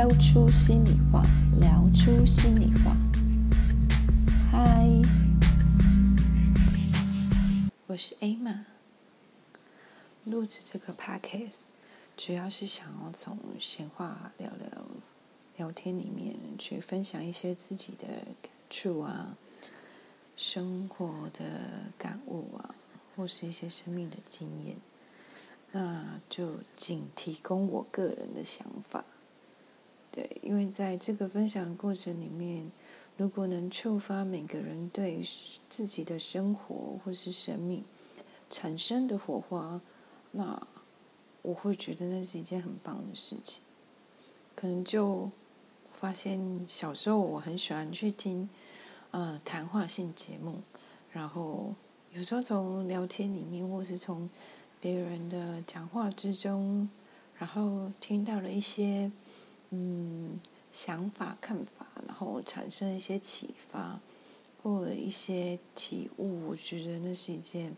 聊出心裡話，聊出心裡話。嗨，我是 Emma，錄製這個 Podcast 主要是想要從閒話聊聊聊天裡面去分享一些自己的感觸啊、生活的感悟啊，或是一些生命的經驗。那就僅提供我個人的想法。因為在這個分享的過程裡面，如果能觸發每個人對自己的生活或是生命產生的火花，那我會覺得那是一件很棒的事情。可能就發現小時候我很喜歡去聽，呃，談話性節目，然後有時候從聊天裡面或是從別人的講話之中，然後聽到了一些。嗯，想法、看法，然後產生一些啟發，或者一些體悟，我覺得那是一件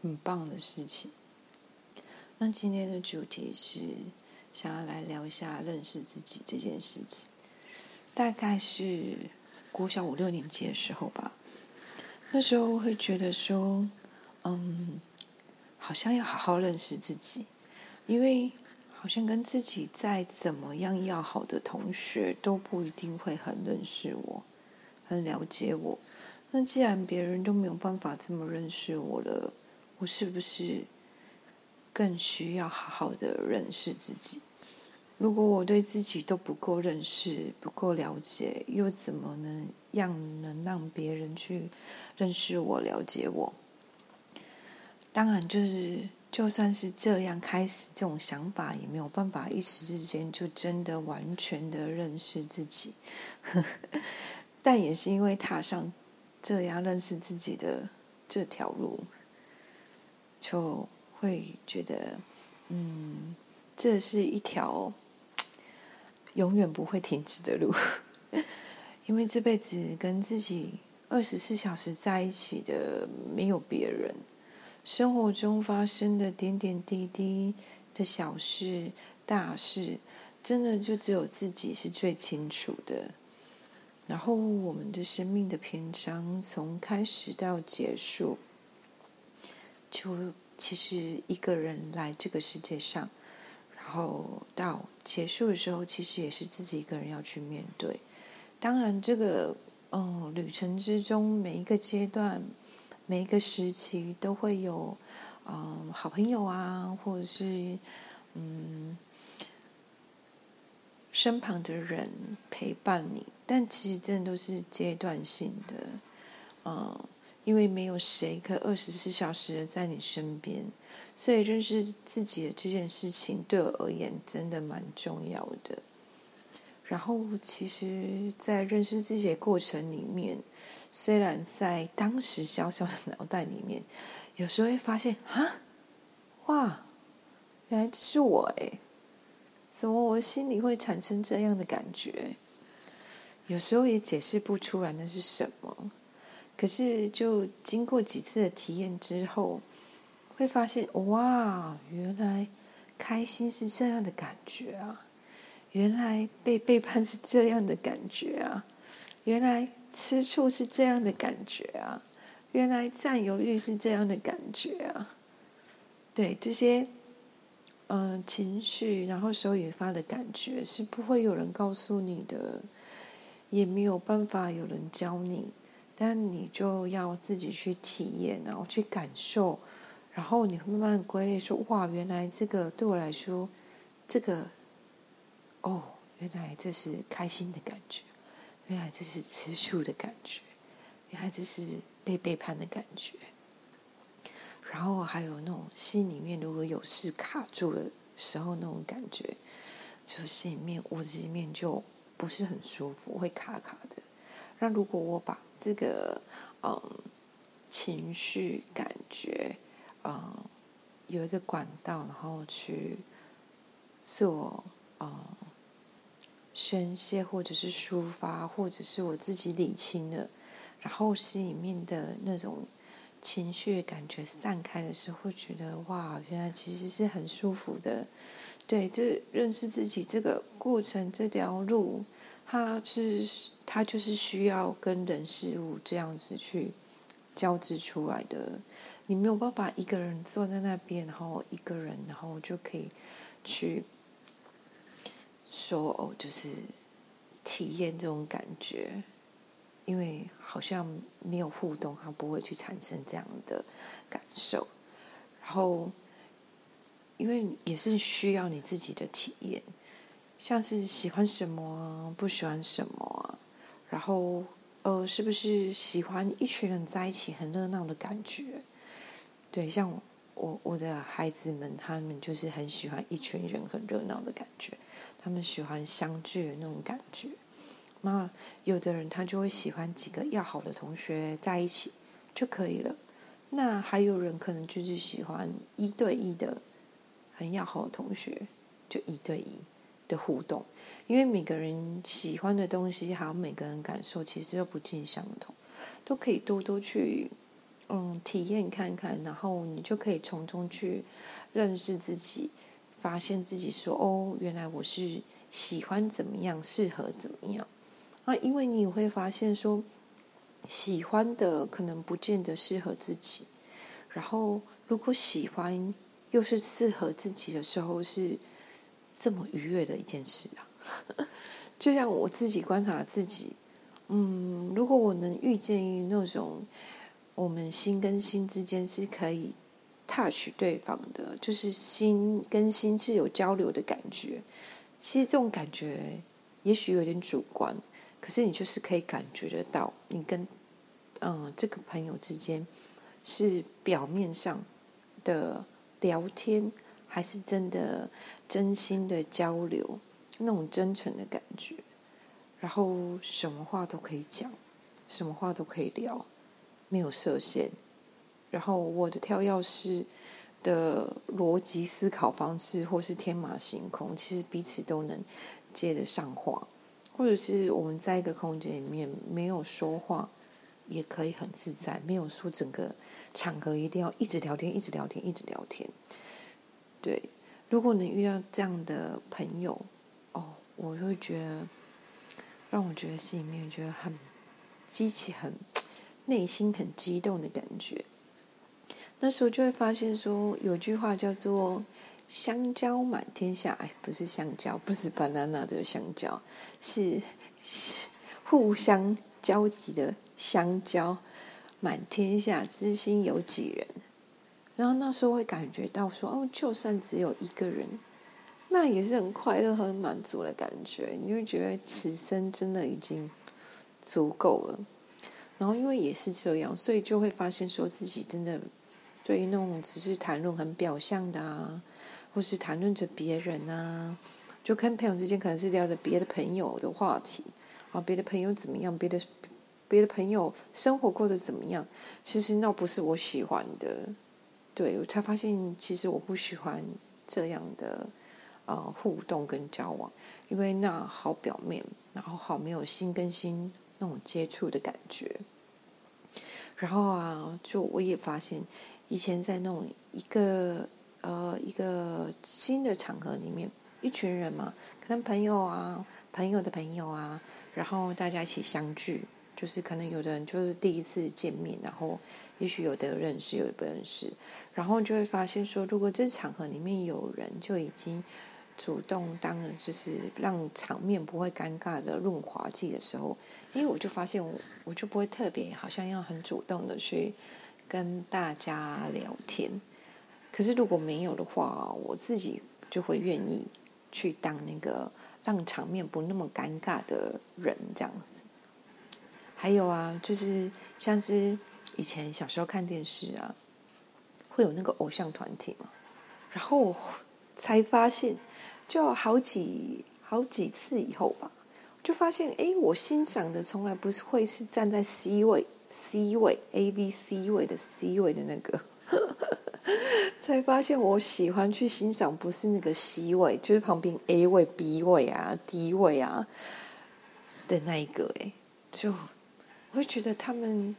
很棒的事情。那今天的主題是想要來聊一下認識自己這件事情。大概是國小五六年級的時候吧，那時候我會覺得說，嗯，好像要好好認識自己，因為。好像跟自己再怎麼樣要好的同學都不一定會很認識我，很了解我。那既然別人都沒有辦法這麼認識我了，我是不是更需要好好的認識自己？如果我對自己都不夠認識、不夠了解，又怎麼能讓能讓別人去認識我、了解我？當然就是。就算是這樣開始，這種想法也沒有辦法一時之間就真的完全的認識自己。 但也是因為踏上這樣認識自己的這條路，就會覺得，嗯，這是一條永遠不會停止的路， 因為這輩子跟自己二十四小時在一起的沒有別人。生活中發生的點點滴滴的小事、大事，真的就只有自己是最清楚的。然後，我們的生命的篇章從開始到結束，就其實一個人來這個世界上，然後到結束的時候，其實也是自己一個人要去面對。當然，這個嗯，旅程之中每一個階段。每一個時期都會有，嗯、呃，好朋友啊，或者是嗯，身旁的人陪伴你。但其實真的都是階段性的，嗯、呃，因為沒有誰可二十四小時在你身邊，所以認識自己的這件事情對我而言真的蠻重要的。然後，其實，在認識自己的過程裡面。雖然在當時小小的腦袋裡面，有時候會發現，哈，哇，原來這是我欸，怎麼我心裡會產生這樣的感覺？有時候也解釋不出來那是什麼。可是，就經過幾次的體驗之後，會發現，哇，原來開心是這樣的感覺啊，原來被背叛是這樣的感覺啊，原來。吃醋是這樣的感覺啊，原來佔有欲是這樣的感覺啊。對，這些，嗯、呃，情緒然後所引發的感覺，是不會有人告訴你的，也沒有辦法有人教你，但你就要自己去體驗，然後去感受，然後你會慢慢歸類說：哇，原來這個對我來說，這個，哦，原來這是開心的感覺。原來這是吃醋的感覺，原來這是被背叛的感覺，然後還有那種心裡面如果有事卡住了時候那種感覺，就心裡面我心裡面就不是很舒服，會卡卡的。那如果我把這個嗯情緒感覺嗯有一個管道，然後去做嗯。宣洩，或者是抒發，或者是我自己理清了，然後心裡面的那種情緒感覺散開的時候，會覺得哇，原來其實是很舒服的。對，就認識自己這個過程，這條路，它是它就是需要跟人事物這樣子去交織出來的。你沒有辦法一個人坐在那邊，然後一個人，然後就可以去。說哦，就是體驗這種感覺，因為好像沒有互動，它不會去產生這樣的感受。然後，因為也是需要你自己的體驗，像是喜歡什麼啊，不喜歡什麼啊，然後呃，哦，是不是喜歡一群人在一起很熱鬧的感覺？對，像我、我的孩子們，他們就是很喜歡一群人很熱鬧的感覺。他們喜歡相聚的那種感覺。那有的人他就會喜歡幾個要好的同學在一起就可以了。那還有人可能就是喜歡一對一的，很要好的同學就一對一的互動，因為每個人喜歡的東西，還有每個人感受其實又不盡相同，都可以多多去嗯體驗看看，然後你就可以從中去認識自己。發現自己說哦，原來我是喜歡怎麼樣，適合怎麼樣啊！因為你會發現說，喜歡的可能不見得適合自己。然後，如果喜歡又是適合自己的時候，是這麼愉悅的一件事啊！ 就像我自己觀察自己，嗯，如果我能遇見那種我們心跟心之間是可以。touch 對方的，就是心跟心是有交流的感覺。其實這種感覺也許有點主觀，可是你就是可以感覺得到，你跟嗯這個朋友之間是表面上的聊天，還是真的真心的交流。那種真誠的感覺，然後什麼話都可以講，什麼話都可以聊，沒有設限。然後，我的跳躍式的邏輯思考方式，或是天馬行空，其實彼此都能接得上話，或者是我們在一個空間裡面沒有說話，也可以很自在，沒有說整個場合一定要一直聊天、一直聊天、一直聊天。對，如果能遇到這樣的朋友，哦，我就會覺得讓我覺得心裡面覺得很激起很、很內心很激動的感覺。那時候就會發現說，說有句話叫做“香蕉滿天下”，哎，不是香蕉，不是 banana 的香蕉，是，是互相交集的香蕉滿天下，知心有幾人？然後那時候會感覺到說，哦，就算只有一個人，那也是很快樂、很滿足的感覺。你就會覺得此生真的已經足夠了。然後因為也是這樣，所以就會發現說自己真的。對於那種只是談論很表象的啊，或是談論着別人啊，就跟朋友之間可能是聊着別的朋友的話題啊，別的朋友怎麼樣，別的別的朋友生活過得怎麼樣，其實那不是我喜歡的。對，我才發現，其實我不喜歡這樣的啊、呃、互動跟交往，因為那好表面，然後好沒有心跟心那種接觸的感覺。然後啊，就我也發現。以前在那種一個呃、一個新的場合裡面，一群人嘛，可能朋友啊，朋友的朋友啊，然後大家一起相聚，就是可能有的人就是第一次見面，然後也許有的認識，有的不認識，然後就會發現說，如果這場合裡面有人就已經主動當了就是讓場面不會尷尬的潤滑劑的時候，因為我就發現我我就不會特別好像要很主動的去。跟大家聊天，可是如果沒有的話，我自己就會願意去當那個讓場面不那麼尷尬的人，這樣子。還有啊，就是像是以前小時候看電視啊，會有那個偶像團體嘛，然後才發現，就好幾好幾次以後吧，就發現，哎，我欣賞的從來不是會是站在 C 位。C 位、A、B、C 位的 C 位的那個， 才發現我喜歡去欣賞，不是那個 C 位，就是旁邊 A 位、B 位啊、D 位啊的那一個。誒，就我會覺得他們，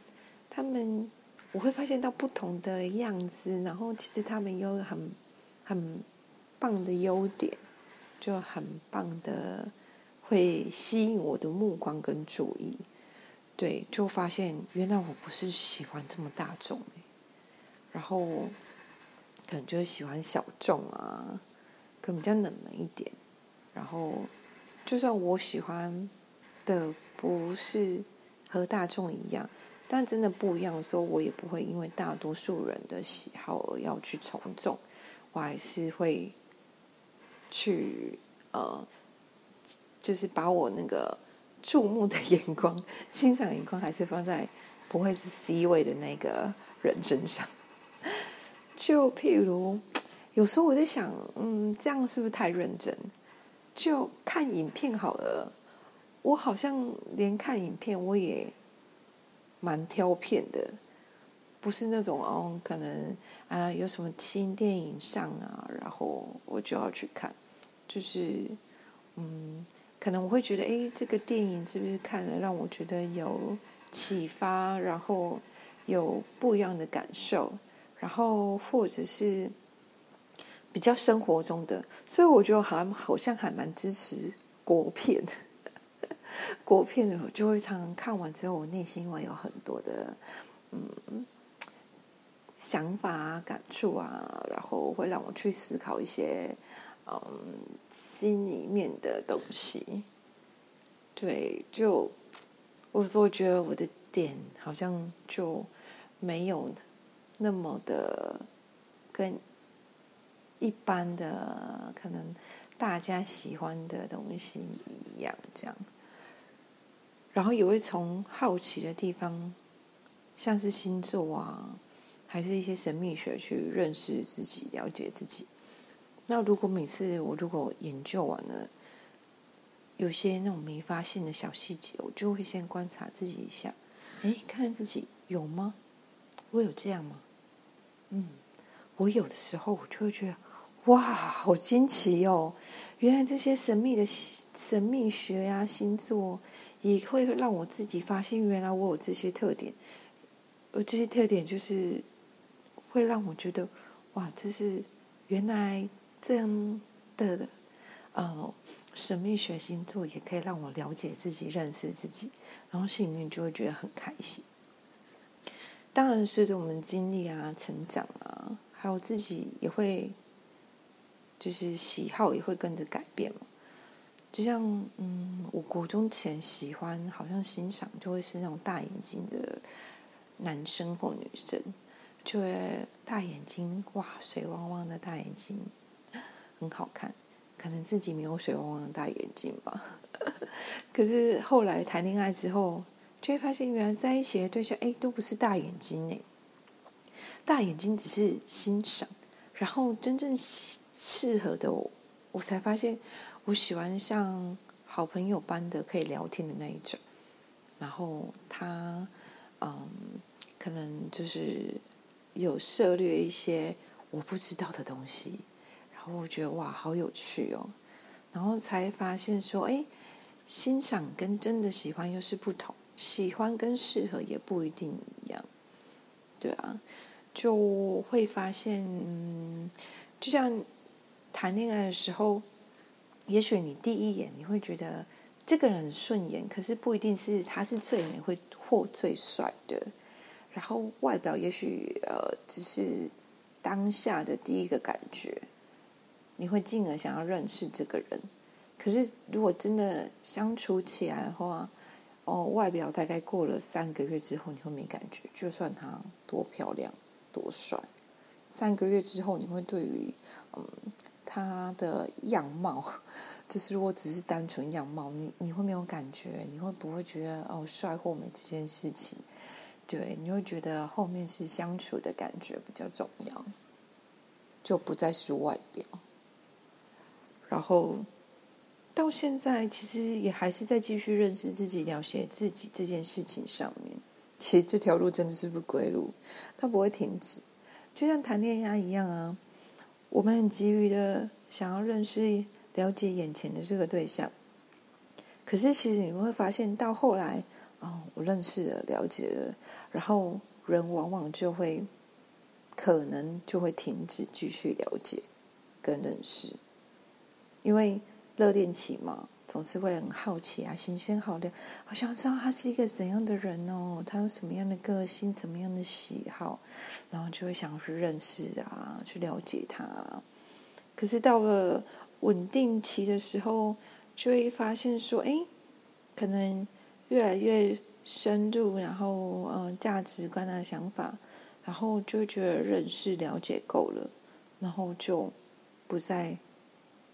他們我會發現到不同的樣子，然後其實他們有很很棒的優點，就很棒的會吸引我的目光跟注意。對，就發現原來我不是喜歡這麼大眾、欸，然後可能就是喜歡小眾啊，可能比較冷門一點。然後就算我喜歡的不是和大眾一樣，但真的不一樣，說我也不會因為大多數人的喜好而要去從眾，我還是會去呃，就是把我那個。注目的眼光，欣賞的眼光還是放在不會是 C 位的那個人身上。就譬如，有時候我在想，嗯，這樣是不是太認真？就看影片好了。我好像連看影片我也蠻挑片的，不是那種哦，可能啊、呃、有什麼新電影上啊，然後我就要去看，就是嗯。可能我會覺得，哎，這個電影是不是看了讓我覺得有啟發，然後有不一樣的感受，然後或者是比較生活中的，所以我覺得好像還蠻支持國片的， 國片的我就會常常看完之後，我內心會有很多的嗯想法啊、感觸啊，然後會讓我去思考一些。嗯，心裡面的東西，對，就我說，我覺得我的點好像就沒有那麼的跟一般的可能大家喜歡的東西一樣這樣。然後也會從好奇的地方，像是星座啊，還是一些神秘學去認識自己，了解自己。那如果每次我如果研究完了，有些那種沒發現的小細節，我就會先觀察自己一下，誒，看看自己有嗎？我有這樣嗎？嗯，我有的時候我就會覺得，哇，好驚奇哦！原來這些神秘的神秘學呀、啊、星座，也會讓我自己發現，原來我有這些特點。我這些特點就是會讓我覺得，哇，這是原來。這樣的，呃、嗯，神秘學星座也可以讓我了解自己、認識自己，然後心裡就會覺得很開心。當然，隨着我們的經歷啊、成長啊，還有自己也會，就是喜好也會跟着改變嘛。就像，嗯，我國中前喜歡，好像欣賞就會是那種大眼睛的男生或女生，就會大眼睛，哇，水汪汪的大眼睛。很好看，可能自己沒有水汪汪的大眼睛吧。 可是後來談戀愛之後，就會發現原來在一起的對象，哎，都不是大眼睛哎，大眼睛只是欣賞，然後真正適合的我，我才發現我喜歡像好朋友般的可以聊天的那一種。然後他，嗯，可能就是有涉獵一些我不知道的東西。我覺得哇，好有趣哦！然後才發現說，哎，欣賞跟真的喜歡又是不同，喜歡跟適合也不一定一樣。對啊，就會發現，嗯，就像談戀愛的時候，也許你第一眼你會覺得這個人很順眼，可是不一定是他是最美，會或最帥的。然後外表也許呃，只是當下的第一個感覺。你會進而想要認識這個人，可是如果真的相處起來的話，哦，外表大概過了三個月之後，你會沒感覺。就算他多漂亮、多帥，三個月之後，你會對於嗯他的樣貌，就是如果只是單純樣貌，你你會沒有感覺。你會不會覺得哦，帥或美這件事情？對，你會覺得後面是相處的感覺比較重要，就不再是外表。然後到現在，其實也還是在繼續認識自己、了解自己這件事情上面。其實這條路真的是不歸路，它不會停止，就像談戀愛一樣啊！我們很急於的想要認識、了解眼前的這個對象，可是其實你們會發現，到後來，哦，我認識了、了解了，然後人往往就會可能就會停止繼續了解跟認識。因為熱戀期嘛，總是會很好奇啊，新鮮好的，好想知道他是一個怎樣的人哦，他有什麼樣的個性，怎麼樣的喜好，然後就會想去認識啊，去了解他。可是到了穩定期的時候，就會發現說，哎，可能越來越深入，然後嗯、呃，價值觀啊、想法，然後就會覺得認識了解夠了，然後就不再。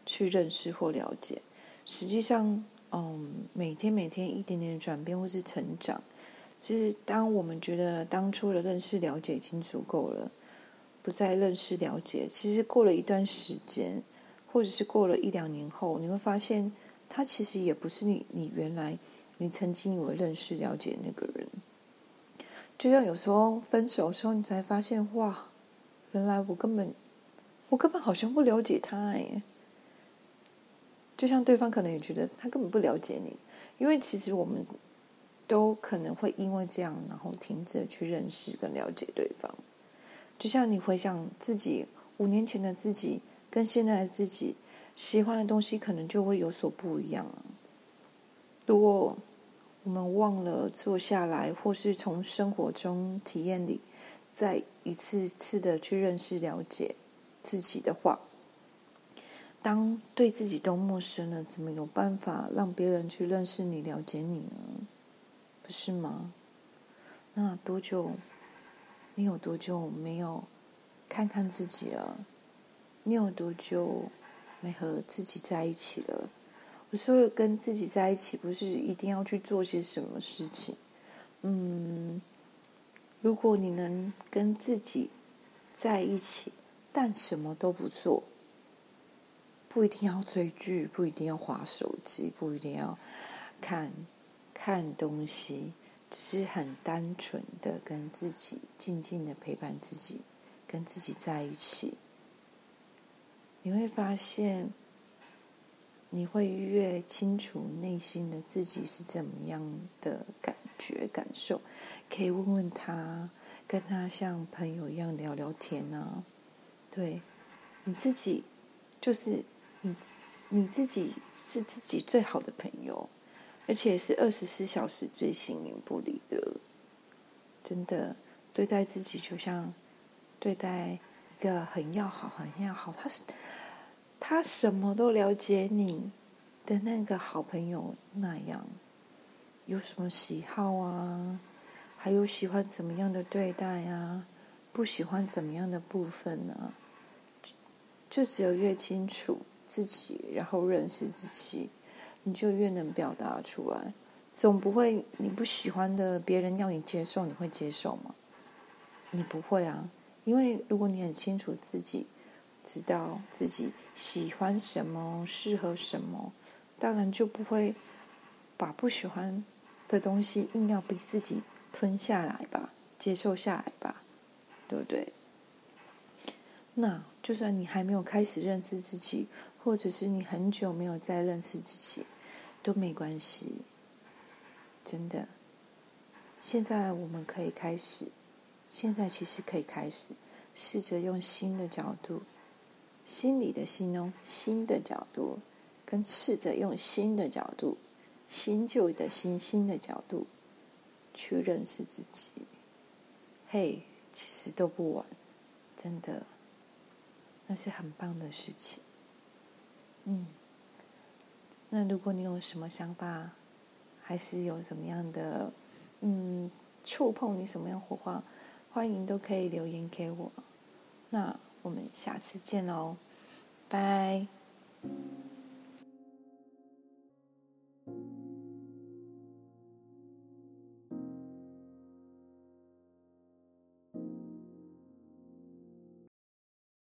去認識或了解，實際上，嗯，每天每天一點點的轉變或是成長。其實當我們覺得當初的認識了解已經足夠了，不再認識了解，其實過了一段時間，或者是過了一兩年後，你會發現他其實也不是你你原來你曾經以為認識了解那個人。就像有時候分手的時候，你才發現，哇，原來我根本我根本好像不了解他哎。就像對方可能也覺得他根本不了解你，因為其實我們都可能會因為這樣，然後停止去認識跟了解對方。就像你回想自己五年前的自己跟現在的自己，喜歡的東西可能就會有所不一樣。如果我們忘了坐下來，或是從生活中體驗裡，再一次次的去認識了解自己的話。當對自己都陌生了，怎麼有辦法讓別人去認識你、了解你呢？不是嗎？那多久？你有多久沒有看看自己了？你有多久沒和自己在一起了？我說跟自己在一起，不是一定要去做些什麼事情。嗯，如果你能跟自己在一起，但什麼都不做。不一定要追劇，不一定要滑手機，不一定要看看東西，只是很單純的跟自己靜靜的陪伴自己，跟自己在一起，你會發現，你會越清楚內心的自己是怎麼樣的感覺感受。可以問問他，跟他像朋友一樣聊聊天啊，對，你自己就是。你、嗯、你自己是自己最好的朋友，而且是二十四小時最形影不離的，真的對待自己就像對待一個很要好、很要好，他是他什麼都了解你的那個好朋友那樣，有什麼喜好啊，還有喜歡怎麼樣的對待啊，不喜歡怎麼樣的部分啊，就，就只有越清楚自己，然後認識自己，你就越能表達出來。總不會你不喜歡的，別人要你接受，你會接受嗎？你不會啊，因為如果你很清楚自己，知道自己喜歡什麼，適合什麼，當然就不會把不喜歡的東西硬要逼自己吞下來吧，接受下來吧，對不對？那就算你還沒有開始認識自己。或者是你很久沒有再認識自己，都沒關係，真的。現在我們可以開始，現在其實可以開始，試着用新的角度，心裡的心哦，新的角度，跟試着用新的角度，新舊的，新新的角度，去認識自己。嘿，其實都不晚，真的，那是很棒的事情。嗯，那如果你有什麼想法，還是有什麼樣的，嗯，觸碰你什麼樣火花，歡迎都可以留言給我。那我們下次見嘍，哦，拜拜。